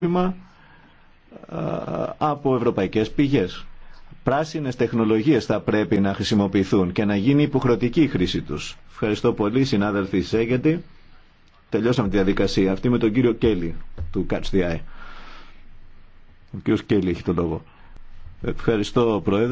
Ε, από ευρωπαϊκές πηγές. Πράσινες τεχνολογίες θα πρέπει να χρησιμοποιηθούν και να γίνει υποχρεωτική η χρήση τους. Ευχαριστώ πολύ συνάδελφοι Σέγγεντη. Τελειώσαμε τη διαδικασία αυτή με τον κύριο Κέλλη του Catch the Ο κύριος Κέλλη έχει το λόγο. Ευχαριστώ Πρόεδρε.